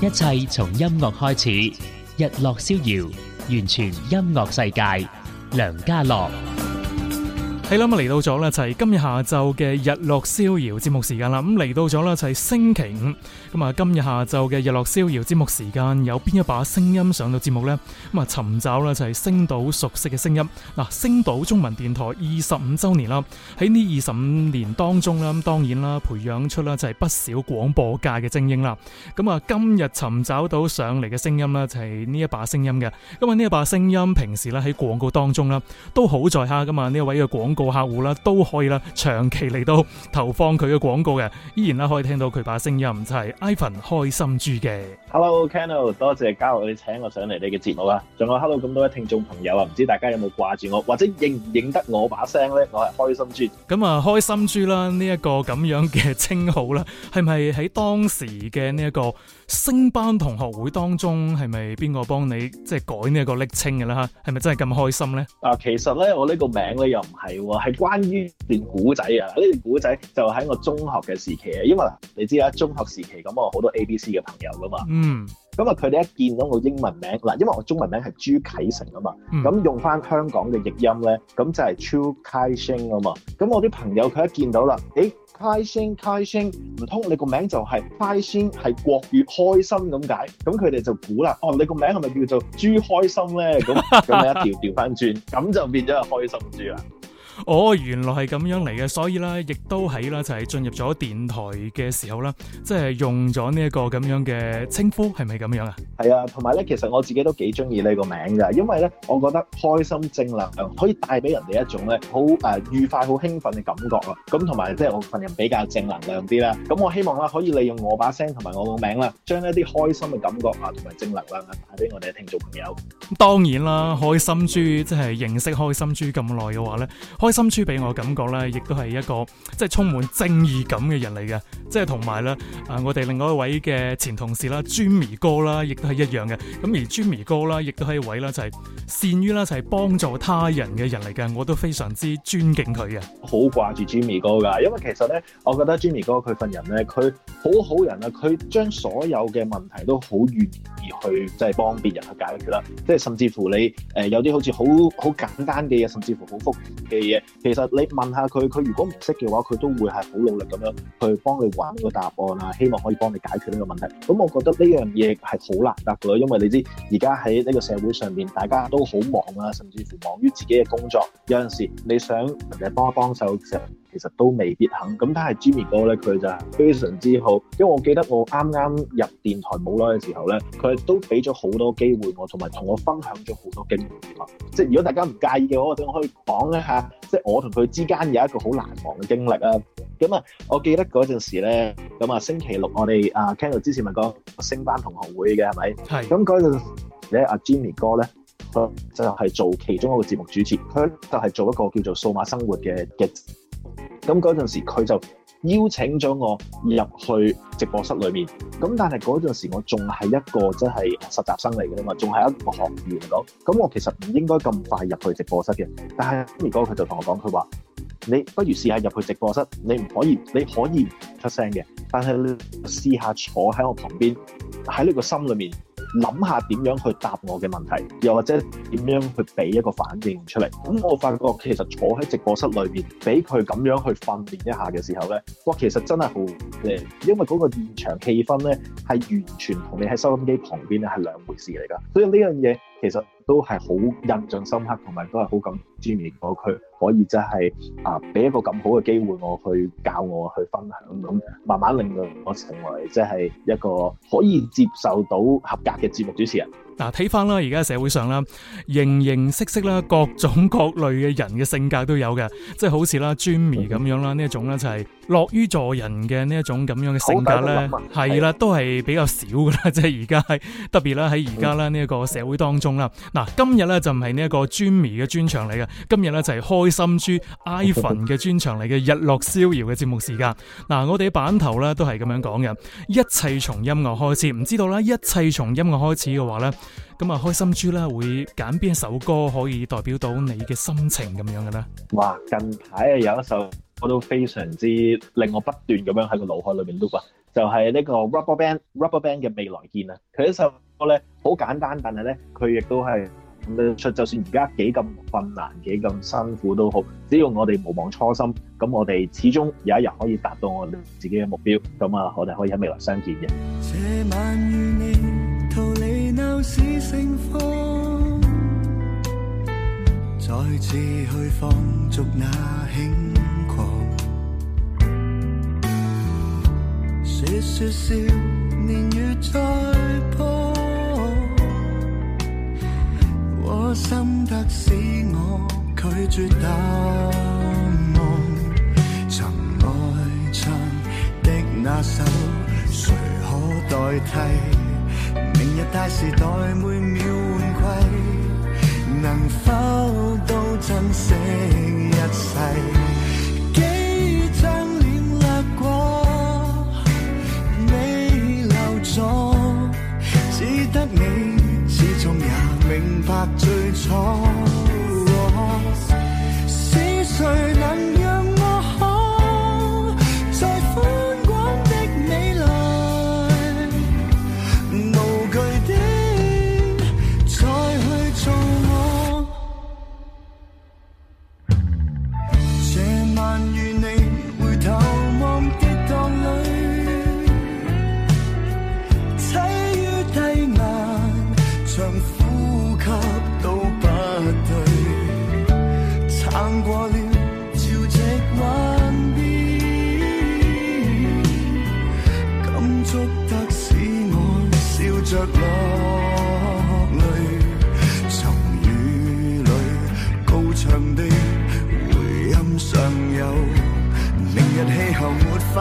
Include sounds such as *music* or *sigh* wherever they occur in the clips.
一切從音樂開始，日樂逍遙，完全音樂世界，梁嘉樂。係啦，咁嚟到咗啦就係今日下晝嘅日落逍遙節目時間啦。咁嚟到咗啦就係星期五。咁啊，今日下晝嘅日落逍遙節目時間有邊一把聲音上到節目呢？咁啊，尋找啦就係星島熟悉嘅聲音。嗱，星島中文電台二十五周年啦。喺呢二十五年當中啦，咁當然啦，培養出啦就係不少廣播界嘅精英啦。咁啊，今日尋找到上嚟嘅聲音咧，就係呢一把聲音嘅。咁啊，呢一把聲音平時咧喺廣告當中啦，都好在下噶嘛。呢一位嘅廣告個客戶啦，都可以啦，長期嚟到投放佢嘅廣告嘅，依然啦可以聽到佢把聲音，就係、是、Ivan 開心朱嘅。Hello Channel 多謝嘉樂，你請我上嚟你嘅節目啊。仲有 Hello 咁多位聽眾朋友啊，唔知大家有冇掛住我，或者認唔認得我把聲呢？我係開心朱。咁啊，開心朱啦，呢、這、一個咁樣嘅稱號啦，係咪喺當時嘅呢一個？升班同學會當中係咪邊個幫你即係改呢一個暱稱嘅啦？吓係咪真係咁開心咧？呢啊，其實咧我呢個名咧又唔係喎，係關於段古仔啊！呢段古仔就喺我中學嘅時期啊，因為你知啦、啊，中學時期咁我好多 A B C 嘅朋友噶嘛。嗯。咁啊！佢哋一見到我英文名嗱，因為我中文名係朱啟成啊嘛，咁、嗯、用翻香港嘅譯音咧，咁就係 Chu Kising 啊嘛。咁我啲朋友佢一見到啦，誒 Kising Kising，唔通你個名就係、是、Kising 係國語開心咁解？咁佢哋就估啦，哦，你個名係咪叫做朱開心咧？咁咁樣一條調翻轉，咁就變咗係開心豬啦。哦，原來係咁樣嚟嘅，所以咧，亦都喺啦，就係進入咗電台嘅時候咧，即係用咗呢一個咁樣嘅稱呼，係咪咁樣啊？係啊，同埋咧，其實我自己都幾中意呢個名嘅，因為咧，我覺得開心正能量可以帶俾人哋一種咧，好誒、呃、愉快、好興奮嘅感覺啊。咁同埋即係我份人比較正能量啲啦。咁我希望啦，可以利用我，聲和我把聲同埋我個名啦，將一啲開心嘅感覺啊，同埋正能量啊，帶俾我哋嘅聽眾朋友。當然啦，開心朱即係認識開心朱咁耐嘅話咧，開心處俾我嘅感覺咧，亦都係一個即係充滿正義感嘅人嚟嘅，即係同埋咧，啊我哋另外一位嘅前同事啦，Jimmy 哥啦，亦都係一樣嘅。咁而 Jimmy 哥啦，亦都係一位啦，就係、是、善於啦，就係、是、幫助他人嘅人嚟嘅。我都非常之尊敬佢嘅，好掛住 Jimmy 哥噶。因為其實咧，我覺得 Jimmy 哥佢份人咧，佢好好人啊，佢將所有嘅問題都好願意去即係幫別人去解決啦。即係甚至乎你誒、呃，有啲好似好好簡單嘅嘢，甚至乎好複雜嘅嘢。其實你問下佢，佢如果唔識嘅話，佢都會係好努力咁樣去幫你搵呢個答案啊，希望可以幫你解決呢個問題。咁我覺得呢樣嘢係好難得嘅，因為你知而家喺呢個社會上面，大家都好忙啊，甚至乎忙於自己嘅工作。有陣時你想人哋幫一幫手其實都未必肯咁。但係 Jimmy 哥咧，佢就係非常之好，因為我記得我啱啱入電台冇耐嘅時候咧，佢都俾咗好多機會我，同埋同我分享咗好多經驗咯。即係如果大家唔介意嘅話，我想可以講一下，即係我同佢之間有一個好難忘嘅經歷啊。咁啊，我記得嗰陣時咧，咁啊，星期六我哋啊，Candle 之前咪講升班同學會嘅係咪？係咁，嗰陣時咧，阿是 Jimmy 哥咧，佢就係做其中一個節目主持，佢就係做一個叫做數碼生活嘅嘅。嘅咁嗰陣時，佢就邀請咗我入去直播室裏面。咁但係嗰陣時，我仲係一個即係實習生嚟㗎嘛，仲係一個學員嚟講。咁我其實唔應該咁快入去直播室嘅。但係如果佢就同我講，佢話。你不如試下入去直播室，你唔可以，你可以唔出聲嘅，但係你試下坐喺我旁邊，喺呢個心裏面諗下點樣去答我嘅問題，又或者點樣去俾一個反應出嚟。咁我發覺其實坐喺直播室裏邊，俾佢咁樣去訓練一下嘅時候咧，哇，其實真係好誒，因為嗰個現場氣氛咧係完全同你喺收音機旁邊咧係兩回事嚟噶。所以呢樣嘢其實都係好印象深刻，同埋都係好感專業嘅一個區。可以真係啊，俾一個咁好嘅機會，我去教我去分享，咁慢慢令到我成為即係一個可以接受到合格嘅節目主持人。嗱，睇翻啦，而家社會上啦，形形色色啦，各種各類嘅人嘅性格都有嘅，即係好似啦，Jammy 咁樣啦，呢一、嗯、種咧就係樂於助人嘅呢一種咁樣嘅性格咧，係啦，都係比較少噶啦，即係而家係特別啦，喺而家啦呢一個社會當中啦。嗱、嗯，今日咧就唔係呢一個 Jammy 嘅專場嚟嘅，今日咧就係開。心朱 iPhone 嘅專場嚟嘅日落逍遙嘅節目時間，嗱我哋嘅版頭咧都係咁樣講嘅，一切從音樂開始。唔知道啦，一切從音樂開始嘅話咧，咁啊開心朱咧會揀邊一首歌可以代表到你嘅心情咁樣嘅呢？哇，近排啊有一首我都非常之令我不斷咁樣喺個腦海裏面碌啊，就係呢個 Rubberband Rubberband 嘅未來見啊。佢一首歌咧好簡單，但係咧佢亦都係。出就算而家幾咁困難幾咁辛苦都好，只要我哋無忘初心，咁我哋始終有一日可以達到我哋自己嘅目標，咁啊，我哋可以喺未來相見嘅。這心得使我拒絕答案，曾愛唱的那首，誰可代替？明日大時代，每秒換季，能否都珍惜一世？明白最初。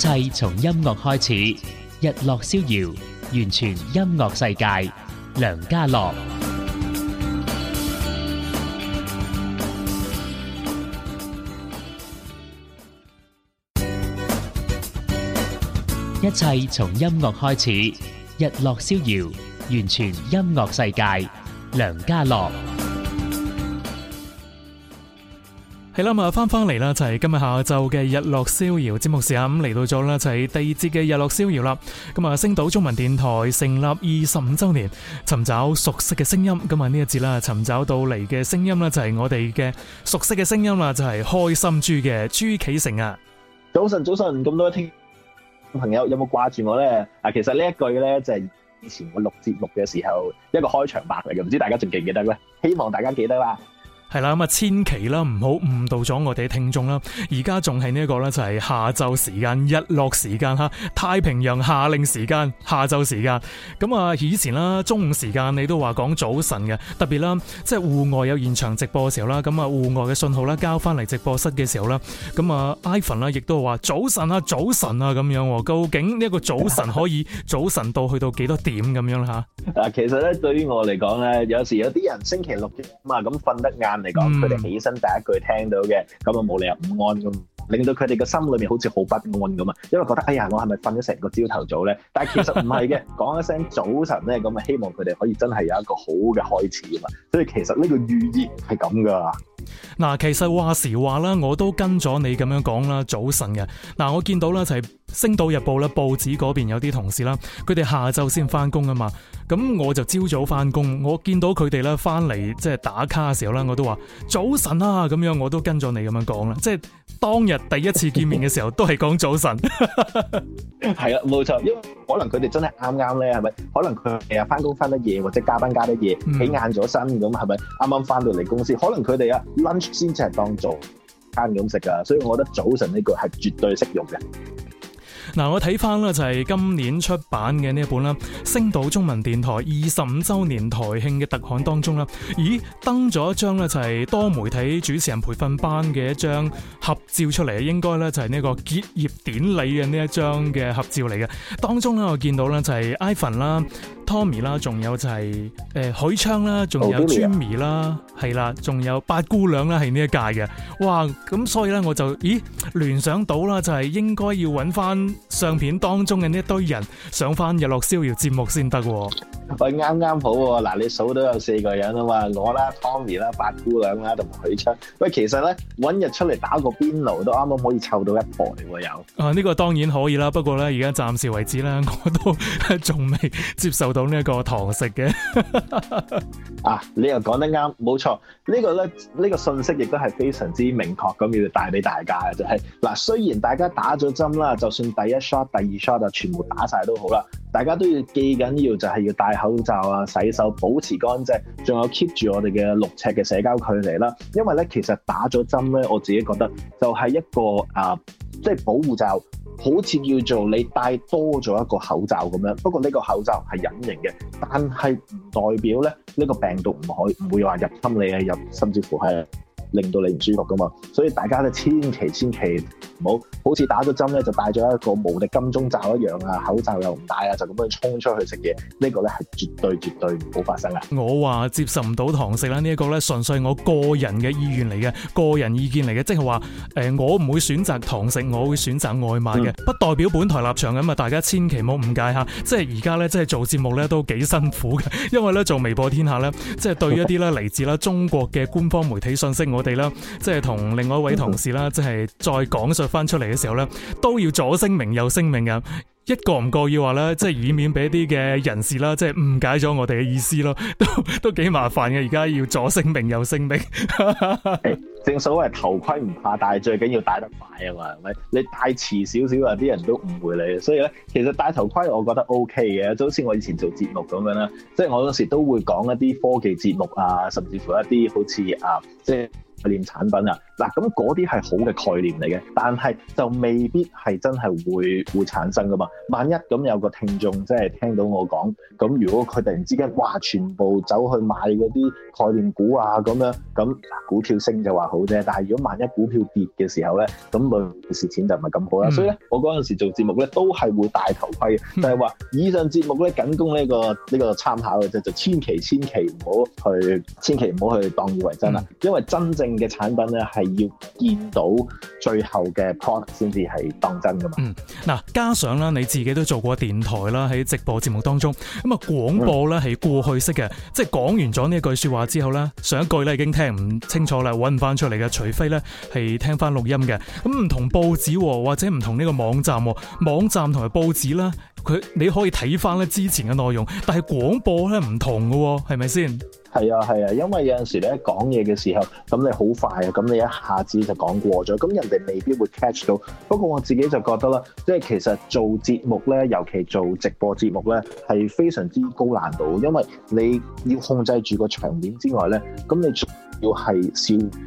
一切從音樂開始，日落逍遙，完全音樂世界，梁嘉樂。一切從音樂開始，日落逍遙，完全音樂世界，梁嘉樂。係啦，咁啊翻翻嚟啦，就係今日下晝嘅日落逍遙節目時間，嚟到咗啦，就係第二節嘅日落逍遙啦。咁啊，星島中文電台成立二十五周年，尋找熟悉嘅聲音。咁啊呢一節啦，尋找到嚟嘅聲音啦，就係我哋嘅熟悉嘅聲音啦，就係開心朱嘅朱啟成啊。早晨，早晨，咁多聽朋友有冇掛住我呢？啊，其實呢一句呢，就係以前我錄節目嘅時候一個開場白嚟嘅，唔知大家仲記唔記得呢？希望大家記得啦。係啦，咁啊、嗯，千祈啦，唔好誤導咗我哋嘅聽眾啦。而家仲係呢一個咧，就係、是、下晝時間、日落時間哈，太平洋夏令時間、下晝時間。咁啊，以前啦，中午時間你都話講早晨嘅，特別啦，即係戶外有現場直播嘅時候啦，咁啊，戶外嘅信號啦，交翻嚟直播室嘅時候啦，咁啊，iPhone 啦，亦都話早晨啊，早晨啊，咁樣。究竟呢一個早晨可以早晨到去到幾多點咁樣啦？吓嗱，其實咧，對於我嚟講咧，有時有啲人星期六嘅嘛，咁瞓得晏。嚟講，佢哋、嗯、起身第一句聽到嘅，咁啊冇理由唔安咁，令到佢哋嘅心裏面好似好不安咁啊，因為覺得哎呀，我係咪瞓咗成個朝頭早咧？但係其實唔係嘅，講 *laughs* 一聲早晨咧，咁啊希望佢哋可以真係有一個好嘅開始啊嘛。所以其實呢個寓意係咁噶。嗱，其實話時話啦，我都跟咗你咁樣講啦，早晨嘅。嗱，我見到啦就係、是。星島日報啦，報紙嗰邊有啲同事啦，佢哋下晝先翻工啊嘛，咁我就朝早翻工，我見到佢哋咧翻嚟，即係打卡嘅時候啦，我都話早晨啊，咁樣我都跟咗你咁樣講啦，即係當日第一次見面嘅時候 *laughs* 都係講早晨，係 *laughs* 啊，冇錯，因為可能佢哋真係啱啱咧，係咪？可能佢哋翻工翻得夜或者加班加得夜、嗯、起晏咗身咁，係咪？啱啱翻到嚟公司，可能佢哋啊 lunch 先至係當做早餐咁食噶所以我覺得早晨呢句係絕對適用嘅。嗱，我睇翻咧就係今年出版嘅呢一本啦，星島中文電台二十五周年台慶嘅特刊當中啦，咦，登咗一張咧就係多媒體主持人培訓班嘅一張合照出嚟，應該咧就係呢個結業典禮嘅呢一張嘅合照嚟嘅，當中咧我見到咧就係 Ivan 啦。Tommy 啦，仲有就係、是、誒許昌啦，仲有 Jimmy 啦、oh, Billy?，係啦，仲有八姑娘啦，係呢一屆嘅。哇，咁所以咧我就咦聯想到啦，就係應該要揾翻相片當中嘅呢一堆人上翻日落逍遙節目先得、啊。喂、哎，啱啱好喎、啊，嗱你數到有四個人啊嘛，我啦，Tommy 啦，八姑娘啦，同許昌。喂，其實咧揾日出嚟打個邊爐都啱啱可以湊到一煲嚟有。啊，呢、這個當然可以啦，不過咧而家暫時為止啦，我都仲未接受到。呢個堂食嘅啊，你又講得啱，冇錯，這個、呢個咧呢個信息亦都係非常之明確咁要帶俾大家嘅，就係、是、嗱、啊，雖然大家打咗針啦，就算第一 shot、第二 shot 啊，全部打晒都好啦，大家都要記緊要就係要戴口罩啊、洗手、保持乾淨，仲有 keep 住我哋嘅六尺嘅社交距離啦。因為咧，其實打咗針咧，我自己覺得就係一個啊。即係保護罩，好似叫做你戴多咗一個口罩咁樣。不過呢個口罩係隱形嘅，但係唔代表咧呢個病毒唔可以唔會話入侵你啊入，甚至乎係。令到你唔舒服噶嘛，所以大家咧千祈千祈唔好好似打咗針咧就戴咗一個無敵金鐘罩一樣啊，口罩又唔戴啊，就咁樣衝出去食嘢，呢個咧係絕對絕對唔好發生噶。我話接受唔到堂食啦，呢一個咧純粹是我個人嘅意願嚟嘅，個人意見嚟嘅，即係話誒我唔會選擇堂食，我會選擇外賣嘅，嗯、不代表本台立場噶嘛，大家千祈唔好誤解吓，即係而家咧，即係做節目咧都幾辛苦嘅，因為咧做微博天下咧，即係對一啲咧嚟自啦中國嘅官方媒體信息我。 *laughs* 我哋啦，即係同另外一位同事啦，嗯、哼即係再講述翻出嚟嘅時候咧，都要左聲明右聲明嘅，一個唔過意的話咧，即係以免俾啲嘅人士啦，即係誤解咗我哋嘅意思咯，都都幾麻煩嘅。而家要左聲明右聲明， *laughs* 正所謂頭盔唔怕，戴，最緊要戴得快啊嘛，係咪？你戴遲少少啊，啲人都誤會你。所以咧，其實戴頭盔我覺得 O K 嘅，就好似我以前做節目咁樣啦，即係我有時都會講一啲科技節目啊，甚至乎一啲好似啊，即係。概念產品啊，嗱咁嗰啲係好嘅概念嚟嘅，但係就未必係真係會會產生噶嘛。萬一咁有個聽眾即係聽到我講，咁如果佢突然之間哇全部走去買嗰啲概念股啊咁樣，咁股票升就話好啫。但係如果萬一股票跌嘅時候咧，咁佢蝕錢就唔係咁好啦。Mm hmm. 所以咧，我嗰陣時做節目咧，都係會戴頭盔嘅，mm hmm. 就係話以上節目咧僅供呢、呢個呢、呢個參考嘅啫，就,是、就千祈千祈唔好去，千祈唔好去當以為真啦，mm hmm. 因為真正。嘅產品咧，係要見到最後嘅 product 先至係當真噶嘛。嗯，嗱，加上啦，你自己都做過電台啦，喺直播節目當中，咁啊廣播咧係過去式嘅，即係講完咗呢一句説話之後咧，上一句咧已經聽唔清楚啦，揾唔翻出嚟嘅，除非咧係聽翻錄音嘅。咁唔同報紙或者唔同呢個網站，網站同埋報紙啦。佢你可以睇翻咧之前嘅內容，但係廣播咧唔同嘅，係咪先？係啊係啊，因為有陣時咧講嘢嘅時候，咁你好快啊，咁你一下子就講過咗，咁人哋未必會 catch 到。不過我自己就覺得啦，即係其實做節目咧，尤其做直播節目咧，係非常之高難度，因為你要控制住個場面之外咧，咁你仲要係笑。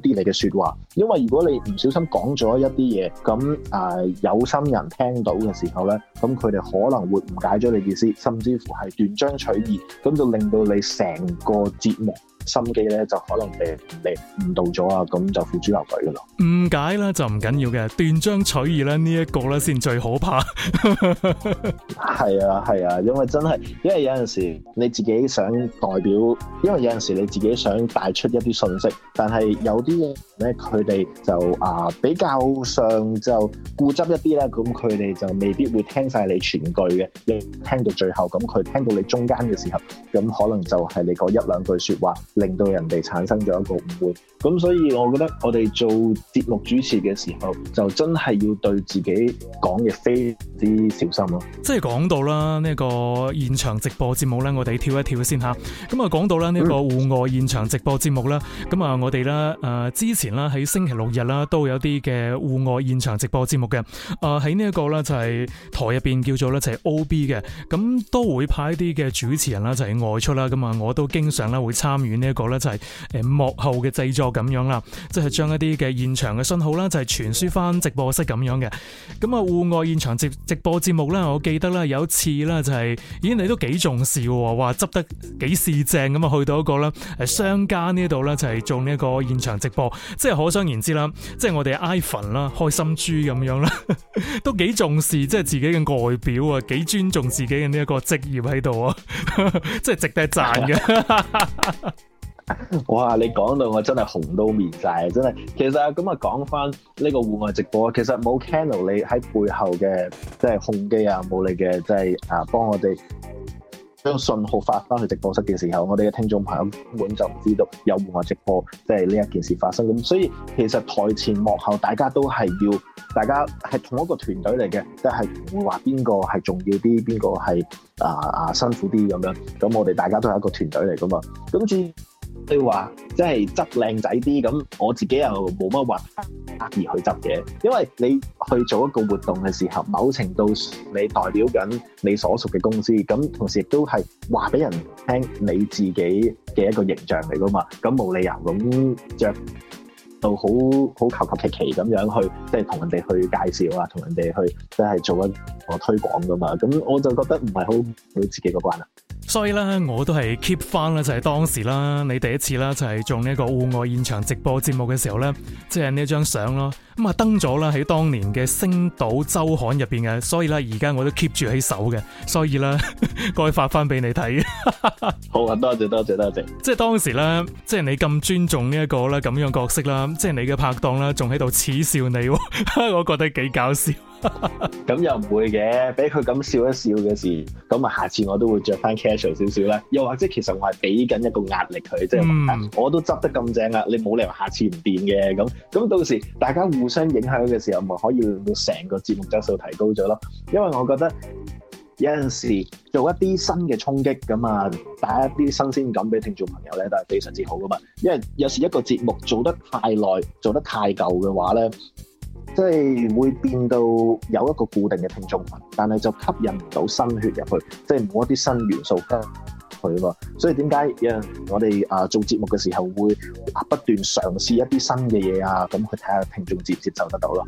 啲你嘅説話，因為如果你唔小心講咗一啲嘢，咁誒、呃、有心人聽到嘅時候咧，咁佢哋可能會誤解咗你嘅意思，甚至乎係斷章取義，咁就令到你成個節目。心機咧就可能俾你誤導咗啊，咁就付諸流水噶咯。誤解啦，就唔緊要嘅，斷章取義咧呢一，這個咧先最可怕。係 *laughs* 啊係啊，因為真係，因為有陣時你自己想代表，因為有陣時你自己想帶出一啲信息，但係有啲嘢咧，佢哋就啊、呃、比較上就固執一啲啦，咁佢哋就未必會聽晒你全句嘅。你聽到最後，咁佢聽到你中間嘅時候，咁可能就係你嗰一兩句說話。令到人哋產生咗一個誤會，咁所以我覺得我哋做節目主持嘅時候，就真係要對自己講嘢非常之小心咯。即係講到啦，呢個現場直播節目咧，我哋跳一跳先吓，咁啊，講到啦，呢個戶外現場直播節目啦，咁啊，我哋咧誒之前啦，喺星期六日啦，都有啲嘅戶外現場直播節目嘅。啊，喺呢一個咧就係台入邊叫做咧就係 O B 嘅，咁都會派啲嘅主持人啦，就係外出啦。咁啊，我都經常咧會參與呢。一個咧就係誒幕後嘅製作咁樣啦，即係將一啲嘅現場嘅信號啦，就係傳輸翻直播室咁樣嘅。咁啊，戶外現場直直播節目咧，我記得咧有一次啦，就係咦，你都幾重視嘅，哇，執得幾事正。咁啊去到一個啦，誒商家呢度咧，就係做呢一個現場直播。即係可想而知啦，即係我哋 iPhone 啦、開心朱，咁樣啦，都幾重視即係自己嘅外表啊，幾尊重自己嘅呢一個職業喺度啊，即係值得讚嘅。 *laughs* 哇！你講到我真係紅到面晒。真係，其實咁啊講翻呢個戶外直播，其實冇 channel 你喺背後嘅即係控機啊，冇你嘅即係啊幫我哋將信號發翻去直播室嘅時候，我哋嘅聽眾朋友根本就唔知道有戶外直播即係呢一件事發生。咁所以其實台前幕後大家都係要，大家係同一個團隊嚟嘅，即係唔會話邊個係重要啲，邊個係啊啊辛苦啲咁樣。咁我哋大家都係一個團隊嚟㗎嘛。咁至。佢話即係執靚仔啲，咁我自己又冇乜話刻意去執嘢，因為你去做一個活動嘅時候，某程度你代表緊你所屬嘅公司，咁同時亦都係話俾人聽你自己嘅一個形象嚟噶嘛，咁冇理由咁着到好好求求其其咁樣去，即係同人哋去介紹啊，同人哋去即係做一個推廣噶嘛，咁我就覺得唔係好到自己個關啊。所以呢，我都係 keep 翻啦，就係當時啦，你第一次啦，就係做呢一個戶外現場直播節目嘅時候呢，即係呢張相咯。咁啊登咗啦，喺當年嘅《星島周刊》入邊嘅，所以咧而家我都 keep 住喺手嘅，所以咧該 *laughs* 發翻俾你睇。 *laughs* 好啊，多謝多謝多謝。多謝即係當時咧，即係你咁尊重呢、這、一個咧咁樣角色啦，即係你嘅拍檔啦，仲喺度恥笑你， *laughs* 我覺得幾搞笑。咁 *laughs* 又唔會嘅，俾佢咁笑一笑嘅事，咁啊下次我都會着翻 casual 少少啦。又或者其實我係俾緊一個壓力佢，即係、嗯、我都執得咁正啊，你冇理由下次唔變嘅咁。咁到時大家會相影響嘅時候，咪可以令到成個節目質素提高咗咯。因為我覺得有陣時做一啲新嘅衝擊咁啊，帶一啲新鮮感俾聽眾朋友咧，都係非常之好噶嘛。因為有時一個節目做得太耐、做得太舊嘅話咧，即係會變到有一個固定嘅聽眾群，但係就吸引唔到新血入去，即係冇一啲新元素加。佢，所以點解有陣時我哋啊做節目嘅時候會不斷嘗試一啲新嘅嘢啊，咁去睇下聽眾接唔接受得到咯？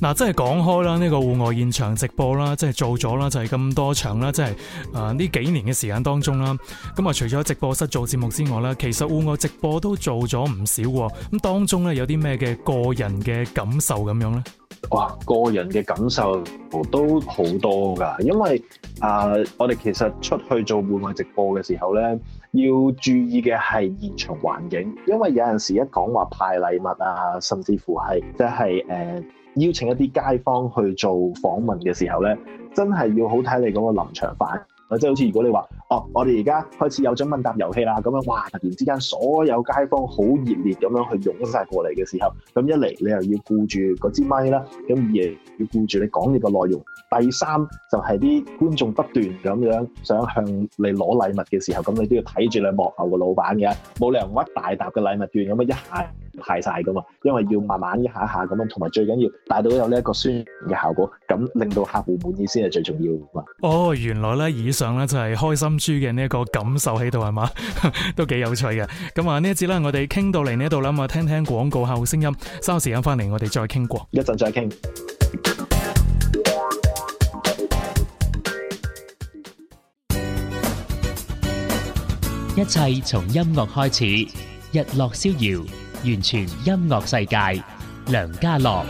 嗱，即係講開啦，呢、這個戶外現場直播啦，即係做咗啦，就係、是、咁多場啦，即係啊呢幾年嘅時間當中啦，咁、嗯、啊除咗直播室做節目之外啦，其實戶外直播都做咗唔少喎，咁、嗯、當中咧有啲咩嘅個人嘅感受咁樣咧？哇！個人嘅感受都好多㗎，因為啊、呃，我哋其實出去做戶外直播嘅時候咧，要注意嘅係現場環境，因為有陣時一講話派禮物啊，甚至乎係即係誒邀請一啲街坊去做訪問嘅時候咧，真係要好睇你嗰個臨場反應。即係好似如果你話，哦，我哋而家開始有咗問答遊戲啦，咁樣哇，突然之間所有街坊好熱烈咁樣去湧晒過嚟嘅時候，咁一嚟你又要顧住嗰支咪啦，咁二嚟要顧住你講嘢嘅內容，第三就係、是、啲觀眾不斷咁樣想向你攞禮物嘅時候，咁你都要睇住你幕後嘅老闆嘅，冇理由屈大沓嘅禮物券咁樣一下。派晒噶嘛，因為要慢慢一下一下咁樣，同埋最緊要帶到有呢一個宣傳嘅效果，咁令到客戶滿意先係最重要噶嘛。哦，原來咧以上咧就係開心朱嘅呢一個感受喺度係嘛， *laughs* 都幾有趣嘅。咁啊呢一節咧我哋傾到嚟呢度啦，我聽聽廣告後聲音，稍時間翻嚟我哋再傾過，一陣再傾。一切從音樂開始，日落逍遙。完全音樂世界，梁嘉樂。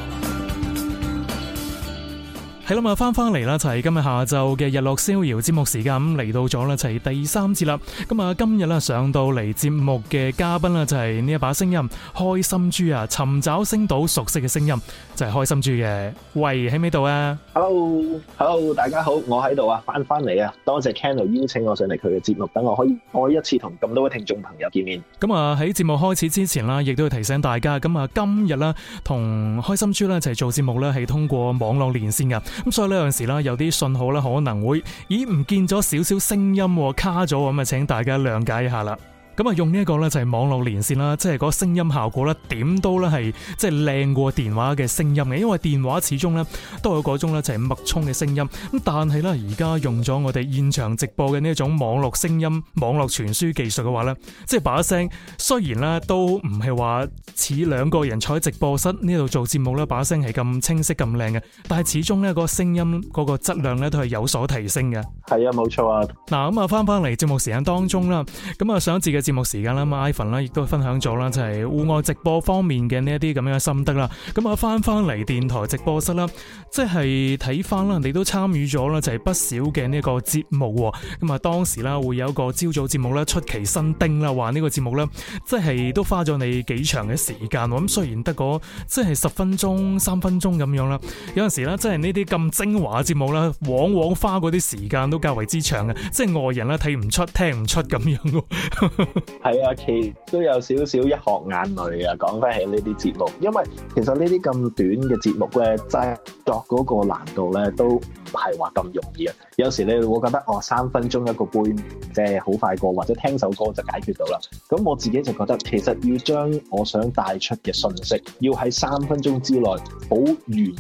係啦返翻翻嚟啦，係、就是、今日下晝嘅日落逍遙節目時間，咁嚟到咗啦，係第三次啦。咁啊，今日啦上到嚟節目嘅嘉賓啦，就係呢一把聲音開心豬啊！尋找星島熟悉嘅聲音，就係、是、開心豬嘅。喂，喺咪度啊？Hello，Hello，hello, 大家好，我喺度啊，翻翻嚟啊，多謝 Cano 邀請我上嚟佢嘅節目，等我可以再一次同咁多位聽眾朋友見面。咁啊喺節目開始之前啦，亦都要提醒大家，咁、嗯、啊今日啦同開心豬啦，就係、是、做節目咧係通過網絡連線噶。咁所以呢，有陣時有啲信號咧可能會，咦唔見咗少少聲音卡，卡咗咁啊，請大家諒解一下啦。咁啊，用呢一個咧就係網絡連線啦，即係個聲音效果咧點都咧係即係靚過電話嘅聲音嘅，因為電話始終咧都有嗰種咧就係脈衝嘅聲音。咁但係咧而家用咗我哋現場直播嘅呢一種網絡聲音、網絡傳輸技術嘅話咧，即係把聲雖然咧都唔係話似兩個人坐喺直播室呢度做節目咧把聲係咁清晰咁靚嘅，但係始終咧個聲音個質量咧都係有所提升嘅。係啊，冇錯啊。嗱咁啊，翻翻嚟節目時間當中啦，咁啊上節嘅。節目時間啦，咁 Ivan 啦，亦都分享咗啦，就係戶外直播方面嘅呢一啲咁樣嘅心得啦。咁啊，翻翻嚟電台直播室啦，即係睇翻啦，你都參與咗啦，就係不少嘅呢個節目。咁啊，當時啦會有一個朝早節目咧出奇新丁啦，話呢個節目咧即係都花咗你幾長嘅時間。咁雖然得個即係十分鐘、三分鐘咁樣啦，有陣時咧即係呢啲咁精華嘅節目咧，往往花嗰啲時間都較為之長嘅，即係外人咧睇唔出、聽唔出咁樣。 *laughs* 係 *laughs* 啊，其都有少少一學眼淚啊！講翻起呢啲節目，因為其實呢啲咁短嘅節目嘅製作嗰個難度咧，都唔係話咁容易啊！有時你會覺得哦，三分鐘一個杯即係，好快過，或者聽首歌就解決到啦。咁我自己就覺得，其實要將我想帶出嘅信息，要喺三分鐘之內，好圓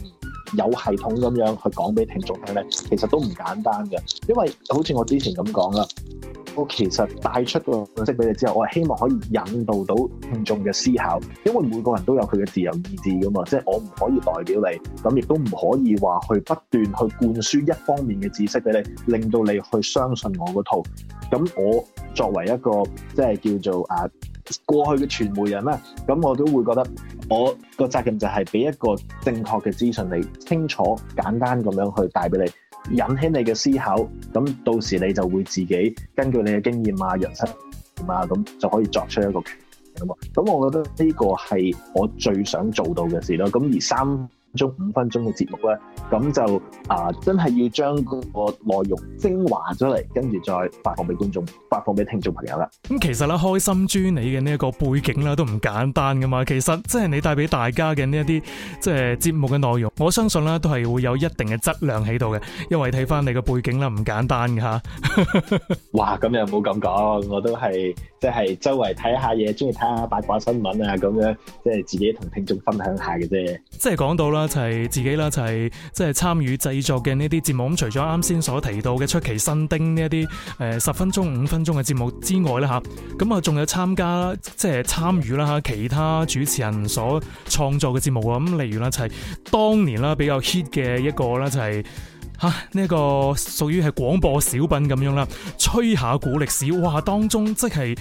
有系統咁樣去講俾聽眾聽咧，其實都唔簡單嘅。因為好似我之前咁講啦。我其實帶出個信息俾你之後，我希望可以引導到聽眾嘅思考，因為每個人都有佢嘅自由意志㗎嘛，即係我唔可以代表你，咁亦都唔可以話去不斷去灌輸一方面嘅知識俾你，令到你去相信我嗰套。咁我作為一個即係叫做啊過去嘅傳媒人啦，咁我都會覺得我個責任就係俾一個正確嘅資訊你，清楚簡單咁樣去帶俾你。引起你嘅思考，咁到時你就會自己根據你嘅經驗啊、人生啊，咁就可以作出一個決定。咁我覺得呢個係我最想做到嘅事咯。咁而三中五分鐘嘅節目咧，咁就啊，真係要將個內容精華咗嚟，跟住再發放俾觀眾，發放俾聽眾朋友啦。咁其實咧，開心朱你嘅呢一個背景啦都唔簡單噶嘛。其實即係、就是、你帶俾大家嘅呢一啲即係節目嘅內容，我相信啦都係會有一定嘅質量喺度嘅，因為睇翻你嘅背景啦唔簡單嘅吓。 *laughs* 哇，咁又冇咁講，我都係即係周圍睇下嘢，中意睇下八卦新聞啊，咁樣即係、就是、自己同聽眾分享一下嘅啫。即係講到啦。就係自己啦，就係即係參與製作嘅呢啲節目。咁除咗啱先所提到嘅出奇新丁呢一啲誒十分鐘五分鐘嘅節目之外啦，吓咁啊仲有參加即係參與啦吓其他主持人所創作嘅節目啊。咁例如啦，就係當年啦比較 hit 嘅一個啦，就係吓呢一個屬於係廣播小品咁樣啦，吹下古歷史，哇當中即係。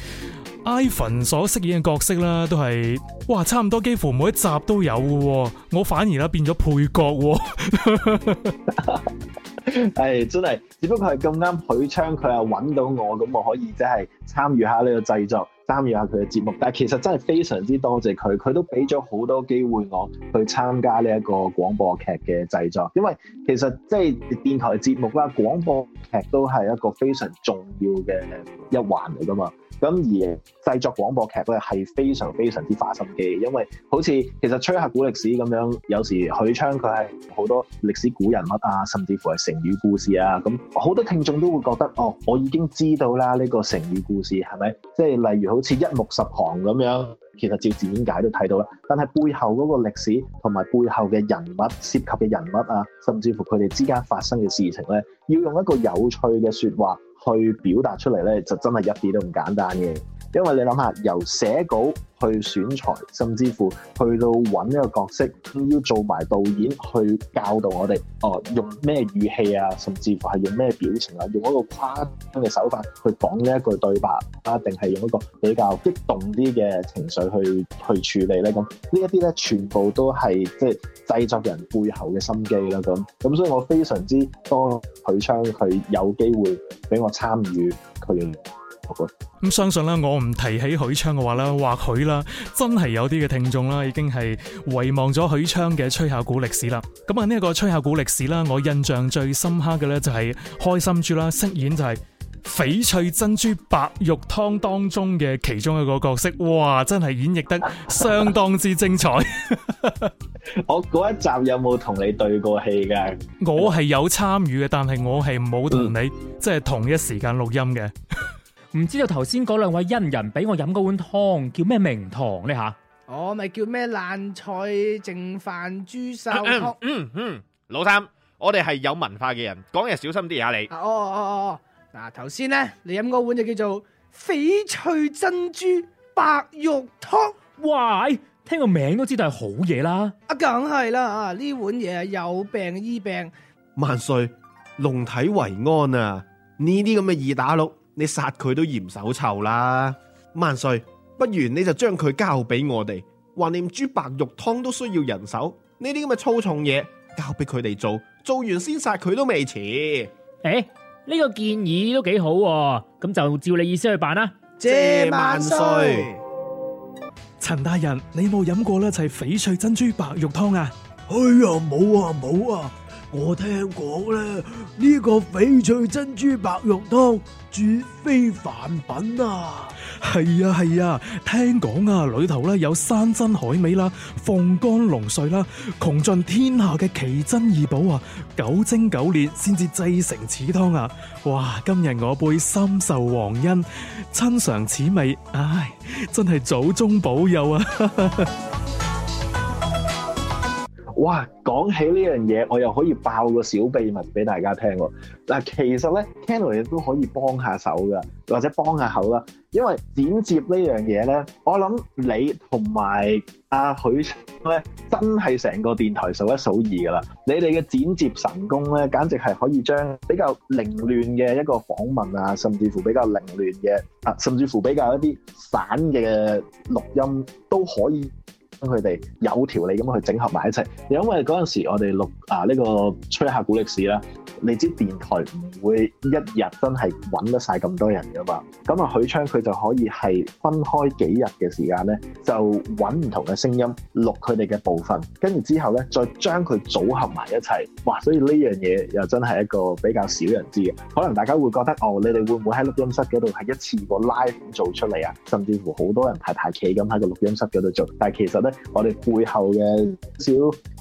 Ivan 所飾演嘅角色啦，都係哇，差唔多幾乎每一集都有嘅，我反而啦變咗配角，喔，係、 *laughs* *laughs* 哎、真係只不過係咁啱許昌佢又揾到我，咁我可以即係參與下呢個製作。參與下佢嘅節目，但係其實真係非常之多謝佢，佢都俾咗好多機會我去參加呢一個廣播劇嘅製作，因為其實即係電台節目啦、廣播劇都係一個非常重要嘅一環嚟㗎嘛。咁而製作廣播劇咧係非常非常之花心機，因為好似其實吹下古歷史咁樣，有時許昌佢係好多歷史古人物啊，甚至乎係成語故事啊，咁好多聽眾都會覺得哦，我已經知道啦，呢個成語故事係咪？即係例如好。好似一目十行咁樣，其實照字面解都睇到啦。但係背後嗰個歷史同埋背後嘅人物，涉及嘅人物啊，甚至乎佢哋之間發生嘅事情咧，要用一個有趣嘅說話去表達出嚟咧，就真係一啲都唔簡單嘅。因為你諗下，由寫稿去選材，甚至乎去到揾一個角色，要做埋導演去教導我哋，哦，用咩語氣啊，甚至乎係用咩表情啊，用一個誇張嘅手法去講呢一句對白啊，定係用一個比較激動啲嘅情緒去去處理咧？咁呢一啲咧，全部都係即係製作人背後嘅心機啦。咁咁，所以我非常之多許昌佢有機會俾我參與佢。咁相信咧，我唔提起許昌嘅話啦，或許啦，真係有啲嘅聽眾啦，已經係遺忘咗許昌嘅吹下古歷史啦。咁啊，呢個吹下古歷史啦，我印象最深刻嘅咧就係開心朱啦，飾演就係翡翠珍珠白玉湯當中嘅其中一個角色。哇，真係演繹得相當之精彩。 *laughs* 我嗰一集有冇同你對過戲噶？我係有參與嘅，但係我係冇同你即係同一時間錄音嘅。 *laughs* 唔知道頭先嗰兩位恩人俾我飲嗰碗湯叫咩名堂呢？吓、哦，我咪叫咩爛菜剩飯豬手湯。嗯嗯，嗯，老三，我哋係有文化嘅人，講嘢小心啲吓、啊、你。啊、哦，哦哦哦，嗱頭先咧，你飲嗰碗就叫做翡翠珍珠白玉湯。喂，聽個名都知道係好嘢啦、啊。啊，梗係啦啊，呢碗嘢啊有病醫病，萬歲龍體為安啊！呢啲咁嘅二打六。你殺佢都嫌手臭啦，萬歲！不如你就將佢交俾我哋，話念豬白肉湯都需要人手，呢啲咁嘅粗重嘢交俾佢哋做，做完先殺佢都未遲。誒、欸，呢、這個建議都幾好、啊，咁就照你意思去辦啦。謝萬歲，陳大人，你冇飲過呢就係翡翠珍珠白肉湯啊？哎呀，冇啊，冇啊！我聽講咧，呢個翡翠珍珠白玉湯絕非凡品啊！係啊係啊，聽講啊，裏頭咧有山珍海味啦，鳳乾龍髓啦，窮盡天下嘅奇珍異寶啊，九蒸九煉先至製成此湯啊！哇，今日我輩深受皇恩，親嘗此味，唉，真係祖宗保佑啊！ *laughs* 哇，講起呢樣嘢，我又可以爆個小秘密俾大家聽喎。嗱，其實咧 Kelly 亦都可以幫下手噶，或者幫下口啦。因為剪接這件事呢樣嘢咧，我諗你同埋阿許昌咧，真係成個電台數一數二噶啦。你哋嘅剪接神功咧，簡直係可以將比較凌亂嘅一個訪問啊，甚至乎比較凌亂嘅啊，甚至乎比較一啲散嘅錄音都可以，佢哋有條理咁去整合埋一齊，因為嗰陣時我哋錄啊呢個吹客古歷史啦，你知電台唔會一日真係揾得晒咁多人噶嘛，咁啊許昌佢就可以係分開幾日嘅時間咧，就揾唔同嘅聲音錄佢哋嘅部分，跟住之後咧再將佢組合埋一齊，哇！所以呢樣嘢又真係一個比較少人知嘅，可能大家會覺得哦，你哋會唔會喺錄音室嗰度係一次過 live 做出嚟啊？甚至乎好多人排排企咁喺個錄音室嗰度做，但係其實咧～我哋背後嘅小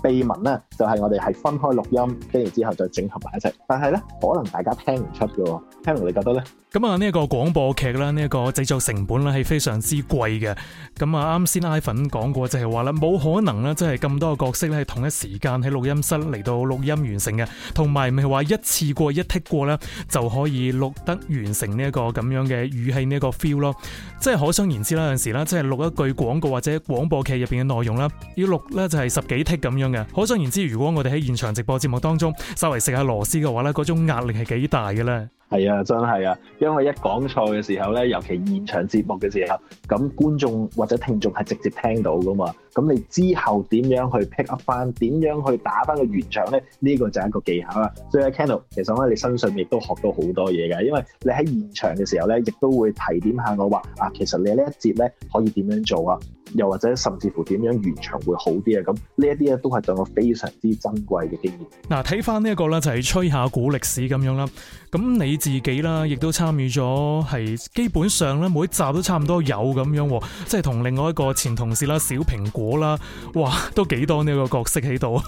秘密咧，就係我哋係分開錄音，跟住之後再整合埋一齊。但係咧，可能大家聽唔出嘅，Henry 你覺得咧？咁啊，呢一個廣播劇啦，呢一個製作成本咧係非常之貴嘅。咁啊，啱先 Ivan 講過就係話啦，冇可能咧，即係咁多個角色咧，係同一時間喺錄音室嚟到錄音完成嘅。同埋唔係話一次過一剔過咧就可以錄得完成呢一個咁樣嘅語氣呢一個 feel 咯。即係可想而知啦，有陣時啦，即係錄一句廣告或者廣播劇入邊。嘅內容啦，要錄咧就係十幾 t 咁樣嘅，可想而知，如果我哋喺現場直播節目當中，稍微食下螺絲嘅話咧，嗰種壓力係幾大嘅咧。係啊，真係啊，因為一講錯嘅時候咧，尤其現場節目嘅時候，咁觀眾或者聽眾係直接聽到噶嘛。咁你之後點樣去 pick up 翻，點樣去打翻個圓場咧？呢個就係一個技巧啦。所以阿 Kennel，其實我喺你身上亦都學到好多嘢嘅，因為你喺現場嘅時候咧，亦都會提點下我話啊，其實你呢一節咧可以點樣做啊？又或者甚至乎點樣圓場會好啲啊？咁呢一啲咧都係對我非常之珍貴嘅經驗。嗱，睇翻呢一個咧就係吹下古歷史咁樣啦。咁你，自己啦，亦都參與咗，係基本上咧，每集都差唔多有咁樣、啊，即係同另外一個前同事啦，小蘋果啦，哇，都幾多呢個角色喺度。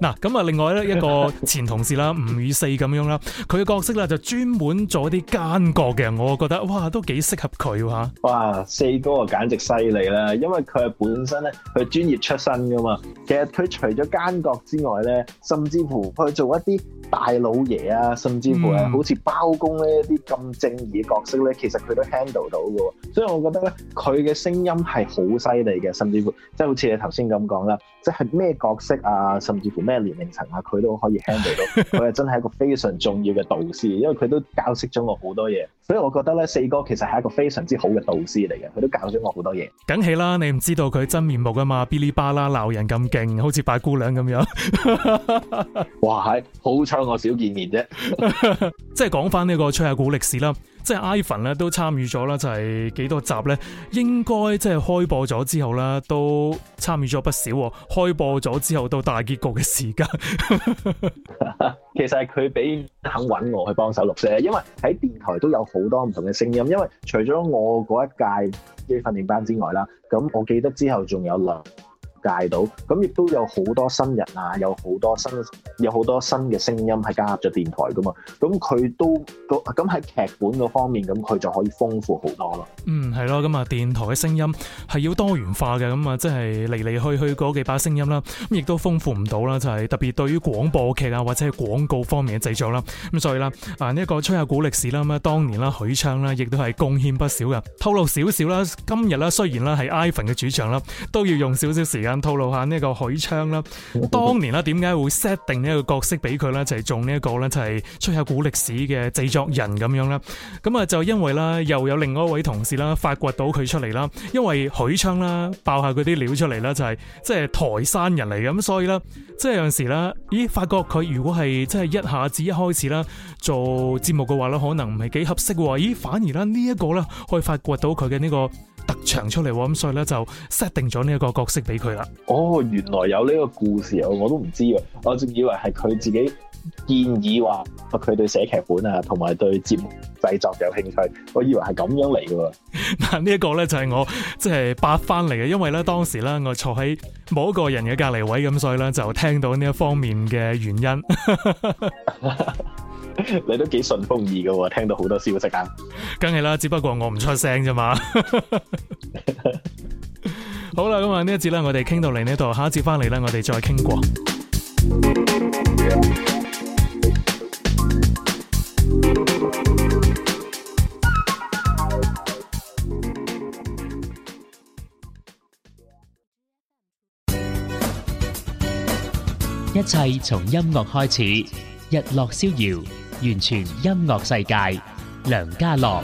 嗱，咁啊，另外咧一個前同事啦， *laughs* 吳宇四咁樣啦、啊，佢嘅角色咧就專門做一啲奸角嘅，我覺得哇，都幾適合佢嚇、啊。哇，四哥啊，簡直犀利啦，因為佢係本身咧，佢專業出身噶嘛。其實佢除咗奸角之外咧，甚至乎佢做一啲大老爺啊，甚至乎咧好似。嗯包公呢啲咁正義嘅角色呢，其實佢都 handle 到嘅，所以我覺得呢，佢嘅聲音係好犀利嘅，甚至乎即係好似你頭先咁講啦，即係咩角色啊，甚至乎咩年齡層啊，佢都可以 handle 到，佢係真係一個非常重要嘅導師， *laughs* 因為佢都教識咗我好多嘢，所以我覺得呢，四哥其實係一個非常之好嘅導師嚟嘅，佢都教咗我好多嘢。梗係啦，你唔知道佢真面目㗎嘛，嗶哩巴啦鬧人咁勁，好似拜姑娘咁樣。 *laughs* 哇，係好彩我少見面啫。 *laughs* 即係講翻呢個《吹下鼓》歷史啦，即係 Ivan 咧都參與咗啦，就係幾多集咧，應該即係開播咗之後啦，都參與咗不少。開播咗之後到大結局嘅時間， *laughs* 其實係佢俾肯揾我去幫手錄聲，因為喺電台都有好多唔同嘅聲音。因為除咗我嗰一屆啲訓練班之外啦，咁我記得之後仲有兩。界到咁，亦都有好多新人啊，有好多新，有好多新嘅聲音係加入咗電台噶嘛。咁佢都個咁喺劇本嗰方面，咁佢就可以豐富好多咯。嗯，係咯，咁啊，電台嘅聲音係要多元化嘅，咁啊，即係嚟嚟去去嗰幾把聲音啦，咁亦都豐富唔到啦，就係、是、特別對於廣播劇啊或者係廣告方面嘅製作啦。咁所以啦，啊呢一個吹下古歷史啦，咁啊，當年啦，許昌啦，亦都係貢獻不少嘅。透露少少啦，今日啦，雖然啦係 Ivan 嘅主場啦，都要用少少時間。透露下呢個許昌啦，當年啦，點解會 set 定呢個角色俾佢咧？就係做呢一個咧，就係出下古歷史嘅製作人咁樣啦。咁啊，就因為啦，又有另外一位同事啦，發掘到佢出嚟啦。因為許昌啦，爆下佢啲料出嚟啦，就係即係台山人嚟嘅。咁所以咧，即係有陣時啦咦？發覺佢如果係即係一下子一開始啦做節目嘅話咧，可能唔係幾合適嘅話，咦？反而啦呢一個咧，可以發掘到佢嘅呢個。特長出嚟喎，咁所以咧，就 set 定咗呢一個角色俾佢啦。哦，原來有呢個故事啊，我都唔知嘅，我仲以為係佢自己建議話佢對寫劇本啊，同埋對節目製作有興趣，我以為係咁樣嚟嘅。嗱，呢一個咧就係我即係八翻嚟嘅，因為咧當時咧我坐喺某一個人嘅隔籬位，咁所以咧就聽到呢一方面嘅原因。 *laughs* *laughs* 你都幾順風意噶，聽到好多消息啊！梗係啦，只不過我唔出聲啫嘛。 *laughs* *laughs* 好啦，咁啊呢一節咧，我哋傾到嚟呢度，下一節翻嚟咧，我哋再傾過。一切從音樂開始，日落逍遙。完全音樂世界，梁嘉樂。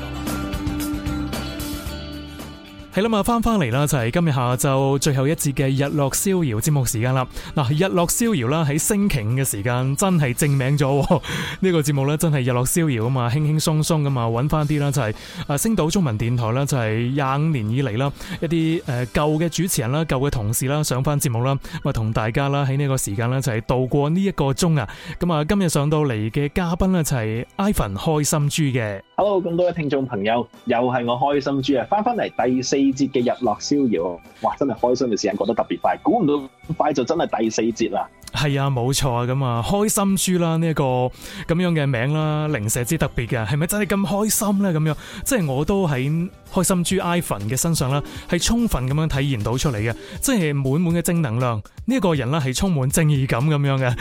係啦返翻翻嚟啦，就係、是、今日下晝最後一節嘅日落逍遙節目時間啦。嗱，日落逍遙啦，喺星期五嘅時間真係證明咗呢個節目呢，真係日落逍遙、 *laughs* 就是、啊嘛，輕輕松鬆咁嘛，揾翻啲啦，就係啊星島中文電台啦，就係廿五年以嚟啦，一啲誒舊嘅主持人啦，舊嘅同事啦，上翻節目啦，咁啊同大家啦喺呢個時間呢，就係度過呢一個鐘啊。咁啊，今日上到嚟嘅嘉賓呢，就係 Ivan 開心朱嘅。Hello，咁多位聽眾朋友，又係我開心朱啊，翻翻嚟，第四節嘅日落逍遙，哇，真係開心嘅時間過得特別快，估唔到咁快就真係第四節啦。係啊，冇錯啊，咁啊，開心朱啦，呢個咁樣嘅名啦，零舍之特別嘅，係咪真係咁開心咧？咁樣，即係我都喺。開心朱 iPhone 嘅身上啦，係充分咁樣體現到出嚟嘅，即係滿滿嘅正能量。呢、這、一個人啦，係充滿正義感咁樣嘅，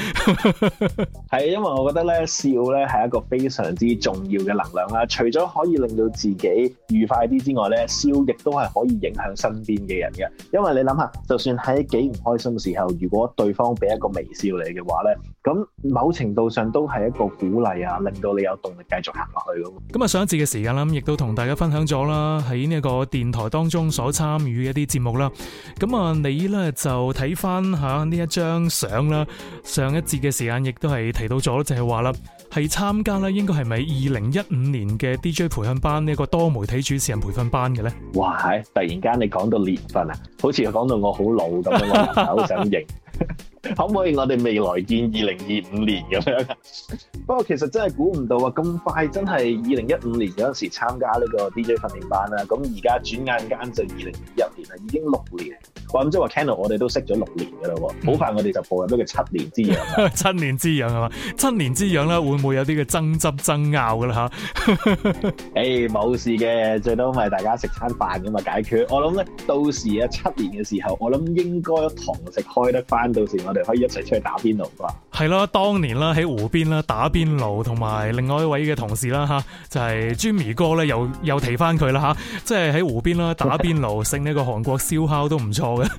係 *laughs* 因為我覺得咧笑咧係一個非常之重要嘅能量啦。除咗可以令到自己愉快啲之外咧，笑亦都係可以影響身邊嘅人嘅。因為你諗下，就算喺幾唔開心嘅時候，如果對方俾一個微笑你嘅話咧。咁某程度上都係一個鼓勵啊，令到你有動力繼續行落去咯。咁啊上一節嘅時間啦，亦都同大家分享咗啦，喺呢個電台當中所參與嘅一啲節目啦。咁啊，你呢就睇翻下呢一張相啦。上一節嘅時間亦都係提到咗，就係話啦，係參加咧，應該係咪二零一五年嘅 DJ 培訓班呢一個多媒體主持人培訓班嘅呢？哇，突然間你講到年份啊，好似講到我好老咁樣， *laughs* 我唔係好想認。 *laughs* 可唔可以我哋未來見二零二五年咁樣？不 *laughs* 過其實真係估唔到啊！咁快真係二零一五年嗰陣時候參加呢個 DJ 訓練班啦。咁而家轉眼間就二零二一年啦，已經六年。就是、我諗即係話，Kennel 我哋都識咗六年嘅咯喎。好快我哋就步入咩嘅七年之癢，七年之癢啊嘛！七年之癢咧會唔會有啲嘅爭執爭拗嘅咧嚇？誒 *laughs* 冇、hey, 事嘅，最多咪大家食餐飯咁嘛。解決。我諗咧，到時啊七年嘅時候，我諗應該堂食開得返。到時我可以一齊出去打邊爐啊！係咯，當年啦，喺湖邊啦打邊爐，同埋另外一位嘅同事啦，吓，就係、是、Jimmy 哥咧，又又提翻佢啦，吓，即係喺湖邊啦打邊爐，食呢 *laughs* 個韓國燒烤都唔錯嘅。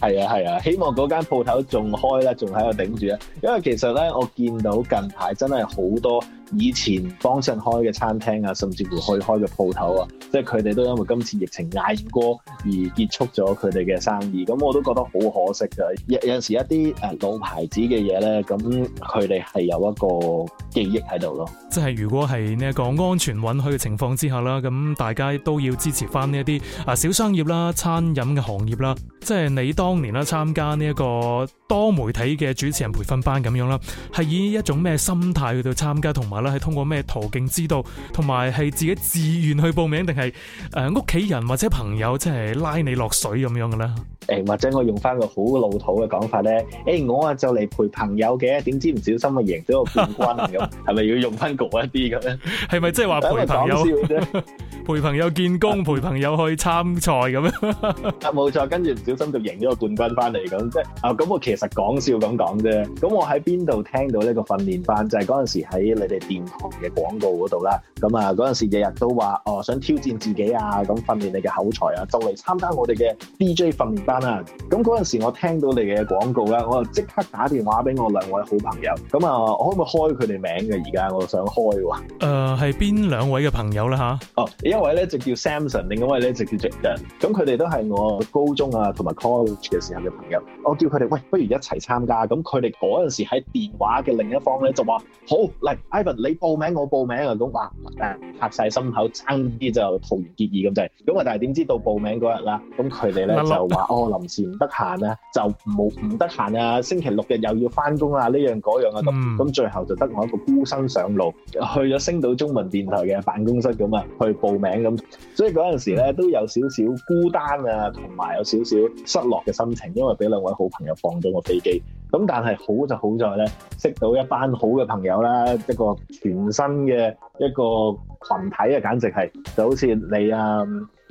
係 *laughs* 啊係啊，希望嗰間鋪頭仲開啦，仲喺度頂住啊！因為其實咧，我見到近排真係好多。以前幫襯開嘅餐廳啊，甚至乎去開嘅鋪頭啊，即係佢哋都因為今次疫情捱過而結束咗佢哋嘅生意，咁我都覺得好可惜嘅。有有陣時一啲誒老牌子嘅嘢咧，咁佢哋係有一個記憶喺度咯。即係如果係呢一個安全允許嘅情況之下啦，咁大家都要支持翻呢一啲啊小商業啦、餐飲嘅行業啦。即係你當年啦參加呢一個多媒體嘅主持人培訓班咁樣啦，係以一種咩心態去到參加同埋？啦，係通過咩途徑知道，同埋係自己自願去報名，定係誒屋企人或者朋友即係拉你落水咁樣嘅咧？誒、欸，或者我用翻個好老土嘅講法咧，誒、欸，我啊就嚟陪朋友嘅，點知唔小心啊贏咗個冠軍咁、啊，係咪 *laughs* 要用翻局一啲咁咧？係咪即係話陪朋友？係咪講笑啫， *laughs* 陪朋友見工，陪朋友去參賽咁樣 *laughs* 啊冠冠。啊，冇錯，跟住唔小心就贏咗個冠軍翻嚟咁，即係啊，咁我其實講笑咁講啫。咁我喺邊度聽到呢個訓練班，就係嗰陣時喺你哋。電台嘅廣告嗰度啦，咁啊嗰陣時日日都話哦想挑戰自己啊，咁訓練你嘅口才啊，就嚟參加我哋嘅 DJ 訓練班啦。咁嗰陣時我聽到你嘅廣告啦，我就即刻打電話俾我兩位好朋友，咁啊我可唔可以開佢哋名㗎？而家我想開喎、啊。誒係邊兩位嘅朋友啦？吓？哦，一位咧就叫 Samson，另一位咧就叫 Jen。咁佢哋都係我高中啊同埋 college 嘅時候嘅朋友。我叫佢哋喂，不如一齊參加。咁佢哋嗰陣時喺電話嘅另一方咧就話：好，嚟 Ivan。你報名我報名啊，咁、嗯，哇誒、啊，拍曬心口爭啲就桃園結義咁，就係，咁啊但係點知到報名嗰日啦，咁佢哋咧就話 *laughs* 哦臨時唔得閒啦，就冇唔得閒啊，星期六日又要翻工啊呢樣嗰樣啊咁，咁、嗯、最後就得我一個孤身上路，去咗星島中文電台嘅辦公室咁啊去報名咁，所以嗰陣時咧都有少少孤單啊，同埋有少少失落嘅心情，因為俾兩位好朋友放咗我飛機。咁但係好就好在咧，識到一班好嘅朋友啦，一個全新嘅一個群體啊，簡直係就好似你啊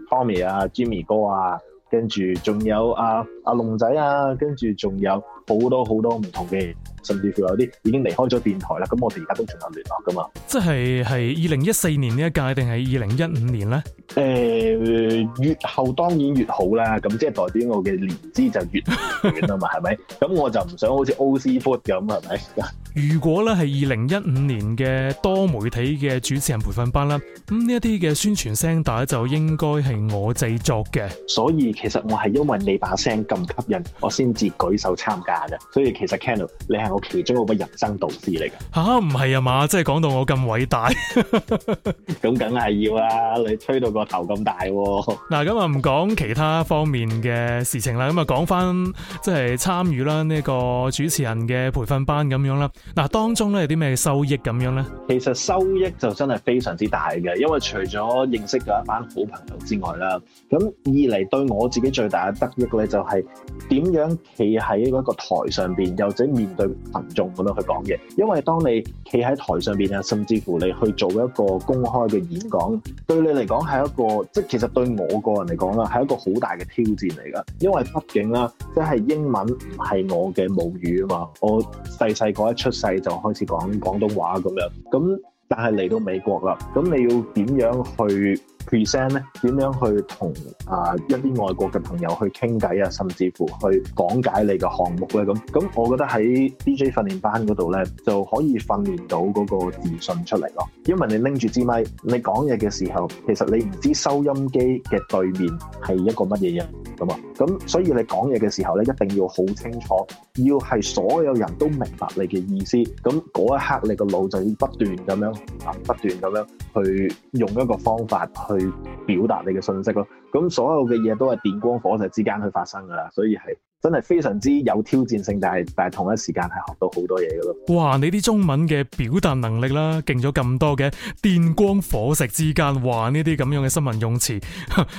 ，Tommy 啊，Jimmy 哥啊，跟住仲有阿、啊、阿、啊、龍仔啊，跟住仲有好多好多唔同嘅。甚至乎有啲已經離開咗電台啦，咁我哋而家都仲有聯絡噶嘛？即係係二零一四年呢一屆定係二零一五年咧？誒、呃、越後當然越好啦，咁即係代表我嘅年資就越遠啊嘛，係咪？ *laughs* 咁我就唔想好似 o c f o o d 咁，係咪？如果咧係二零一五年嘅多媒體嘅主持人培訓班啦，咁呢一啲嘅宣傳聲帶就應該係我製作嘅，所以其實我係因為你把聲咁吸引，我先至舉手參加嘅，所以其實 k e n n l 你係。我其中一個人生導師嚟㗎嚇，唔係啊嘛，即係講到我咁偉大，咁梗係要啦、啊，你吹到個頭咁大喎、啊。嗱、啊，咁啊唔講其他方面嘅事情啦，咁啊講翻即係參與啦呢個主持人嘅培訓班咁樣啦。嗱、啊，當中咧有啲咩收益咁樣咧？其實收益就真係非常之大嘅，因為除咗認識咗一班好朋友之外啦，咁二嚟對我自己最大嘅得益咧，就係點樣企喺嗰一個台上邊，又或者面對群眾咁樣去講嘢，因為當你企喺台上邊啊，甚至乎你去做一個公開嘅演講，對你嚟講係一個，即係其實對我個人嚟講啦，係一個好大嘅挑戰嚟㗎。因為畢竟啦，即係英文唔係我嘅母語啊嘛，我細細個一出世就開始講廣東話咁樣，咁但係嚟到美國啦，咁你要點樣去 present 咧點樣去同啊一啲外國嘅朋友去傾偈啊，甚至乎去講解你嘅項目咧咁。咁我覺得喺 DJ 訓練班嗰度咧，就可以訓練到嗰個自信出嚟咯。因為你拎住支咪，你講嘢嘅時候，其實你唔知收音機嘅對面係一個乜嘢人咁啊。咁所以你講嘢嘅時候咧，一定要好清楚，要係所有人都明白你嘅意思。咁嗰一刻你個腦就要不斷咁樣啊，不斷咁樣去用一個方法去表達你嘅信息咯。咁所有嘅嘢都係電光火石之間去發生㗎啦，所以係。真係非常之有挑戰性，但係但係同一時間係學到好多嘢噶咯。哇！你啲中文嘅表達能力啦，勁咗咁多嘅電光火石之間，哇！呢啲咁樣嘅新聞用詞，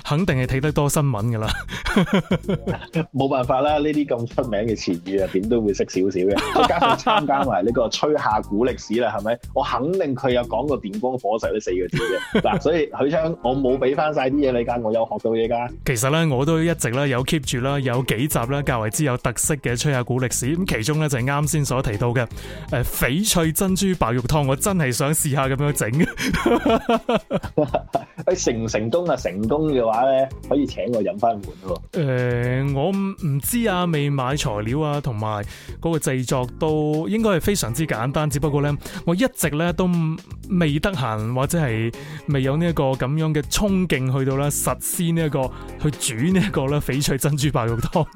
肯定係睇得多新聞噶啦。冇 *laughs* 辦法啦，呢啲咁出名嘅詞語啊，點都會識少少嘅。加上參加埋呢個吹下古歷史啦，係咪？ *laughs* 我肯定佢有講過電光火石呢四個字嘅嗱。 *laughs* 所以許昌，我冇俾翻晒啲嘢？你噶，我有學到嘢噶，啊。其實咧，我都一直咧有 keep 住啦，有幾集啦。較為之有特色嘅吹下古歷史，咁其中咧就係啱先所提到嘅，誒、呃、翡翠珍珠白玉湯，我真係想試下咁樣整，誒 *laughs* *laughs* 成唔成功啊？成功嘅話咧，可以請我飲翻碗咯。誒、呃，我唔知啊，未買材料啊，同埋嗰個製作都應該係非常之簡單，只不過咧，我一直咧都未得閒，或者係未有呢一個咁樣嘅衝勁去到咧，實施呢一個去煮這個呢一個咧翡翠珍珠白玉湯。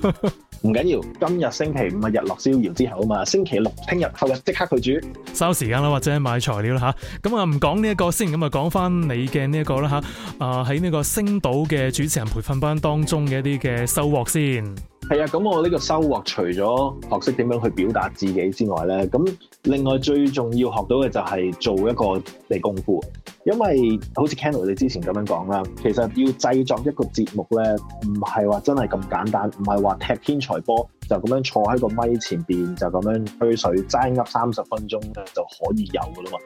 *laughs* 唔緊要，今日星期五啊，日落逍遙之後啊嘛，星期六聽日後日即刻去煮，嘥時間啦，或者買材料啦吓，咁啊唔講呢一個先，這個，咁啊講翻你嘅呢一個啦吓，啊喺呢個星島嘅主持人培訓班當中嘅一啲嘅收穫先。係啊，咁我呢個收穫除咗學識點樣去表達自己之外咧，咁另外最重要學到嘅就係做一個地功夫，因為好似 Canel 你之前咁樣講啦，其實要製作一個節目咧，唔係話真係咁簡單，唔係話踢天才波就咁樣坐喺個咪前面，就咁樣吹水齋噏三十分鐘就可以有噶啦嘛。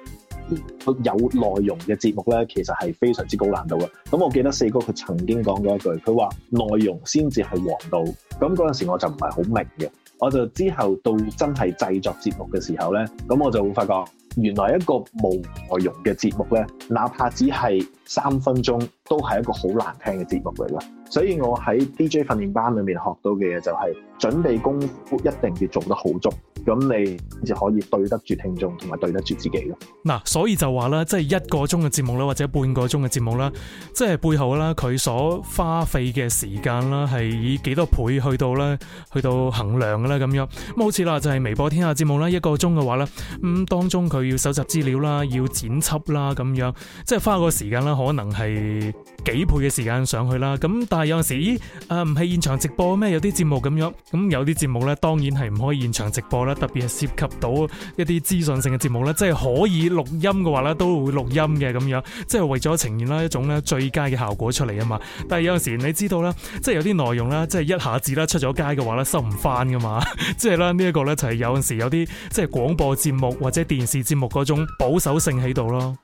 佢有內容嘅節目咧，其實係非常之高難度嘅。咁我記得四哥佢曾經講過一句，佢話內容先至係王道。咁嗰陣時我就唔係好明嘅，我就之後到真係製作節目嘅時候咧，咁我就會發覺原來一個冇內容嘅節目咧，哪怕只係三分鐘，都係一個好難聽嘅節目嚟噶，所以我喺 DJ 訓練班裏面學到嘅嘢就係準備功夫一定要做得好足，咁你就可以對得住聽眾同埋對得住自己咯。嗱，所以就話啦，即係一個鐘嘅節目啦，或者半個鐘嘅節目啦，即係背後啦，佢所花費嘅時間啦，係以幾多倍去到咧，去到衡量嘅咧咁樣。好似嗱，就係微博天下節目啦，一個鐘嘅話咧，咁當中佢要搜集資料啦，要剪輯啦，咁樣即係花個時間啦，可能係。幾倍嘅時間上去啦，咁但係有陣時，誒唔係現場直播咩？有啲節目咁樣，咁有啲節目呢，當然係唔可以現場直播啦。特別係涉及到一啲資訊性嘅節目呢，即係可以錄音嘅話呢，都會錄音嘅咁樣，即係為咗呈現啦一種呢最佳嘅效果出嚟啊嘛。但係有陣時你知道啦，即係有啲內容啦，即係一下子 *laughs* 啦，出咗街嘅話呢，收唔翻噶嘛，即係呢一個呢，就係有陣時有啲即係廣播節目或者電視節目嗰種保守性喺度咯。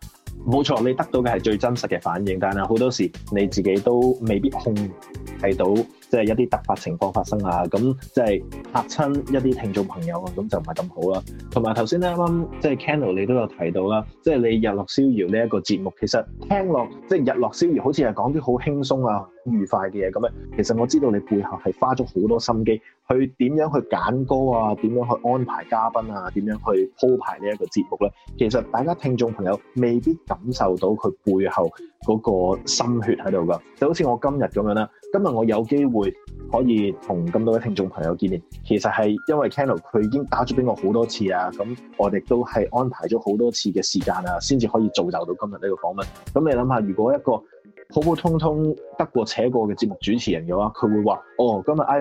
冇錯，你得到嘅係最真實嘅反應，但係好多時你自己都未必控制到，即係一啲突發情況發生啊，咁即係嚇親一啲聽眾朋友啊，咁就唔係咁好啦。同埋頭先呢，啱啱即係 Cannel 你都有提到啦，即係你日落逍遙呢一個節目，其實聽落即係日落逍遙，好似係講啲好輕鬆啊。愉快嘅嘢咁樣，其實我知道你背後係花咗好多心機，去點樣去揀歌啊，點樣去安排嘉賓啊，點樣去鋪排呢一個節目咧。其實大家聽眾朋友未必感受到佢背後嗰個心血喺度噶，就好似我今日咁樣啦。今日我有機會可以同咁多位聽眾朋友見面，其實係因為 Canel 佢已經打咗俾我好多次啊，咁我哋都係安排咗好多次嘅時間啊，先至可以造就到今日呢個訪問。咁你諗下，如果一個普普通通得過且過嘅節目主持人嘅話，佢會話：哦，今日 I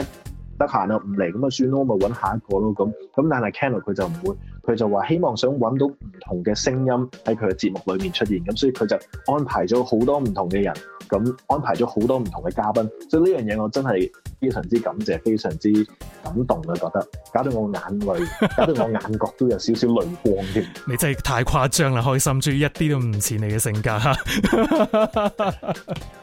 得閒啊，唔嚟，咁啊算咯，咪揾下一個咯，咁咁。但係 Kenneth 佢就唔會，佢就話希望想揾到唔同嘅聲音喺佢嘅節目裏面出現，咁所以佢就安排咗好多唔同嘅人，咁安排咗好多唔同嘅嘉賓。所以呢樣嘢我真係。非常之感謝，非常之感動啊！覺得搞到我眼淚，搞到我眼角都有少少淚光添。 *laughs* 你真係太誇張啦，開心朱一啲都唔似你嘅性格。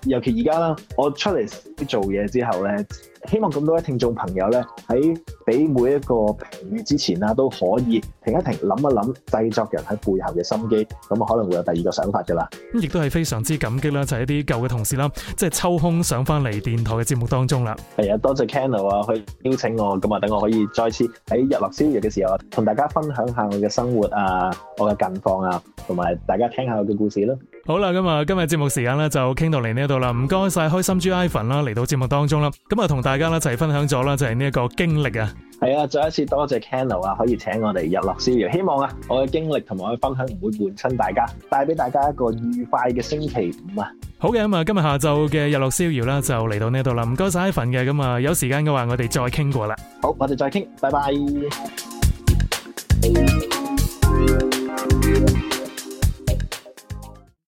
*laughs* 尤其而家啦，我出嚟做嘢之後咧，希望咁多位聽眾朋友咧，喺俾每一個評語之前啦，都可以停一停，諗一諗製作人喺背後嘅心機，咁可能會有第二個想法嘅啦。咁亦都係非常之感激啦，就係一啲舊嘅同事啦，即係抽空上翻嚟電台嘅節目當中啦。多謝 Canel 啊，去邀請我，咁啊，等我可以再次喺日落西斜嘅時候，同大家分享一下我嘅生活啊，我嘅近況啊，同埋大家聽一下我嘅故事咯。好啦，咁啊，今日節目時間咧就傾到嚟呢度啦，唔該晒開心朱 Ivan 啦，嚟到節目當中啦，咁啊同大家一齊分享咗啦，就係呢一個經歷啊，係啊，再一次多謝 Ken Leung 啊，可以請我哋日落逍遙，希望啊我嘅經歷同埋我嘅分享唔會換親大家，帶俾大家一個愉快嘅星期五啊，好嘅，咁啊今日下晝嘅日落逍遙啦，就嚟到呢度啦，唔該晒 Ivan 嘅，咁啊有時間嘅話我哋再傾過啦，好，我哋再傾，拜拜。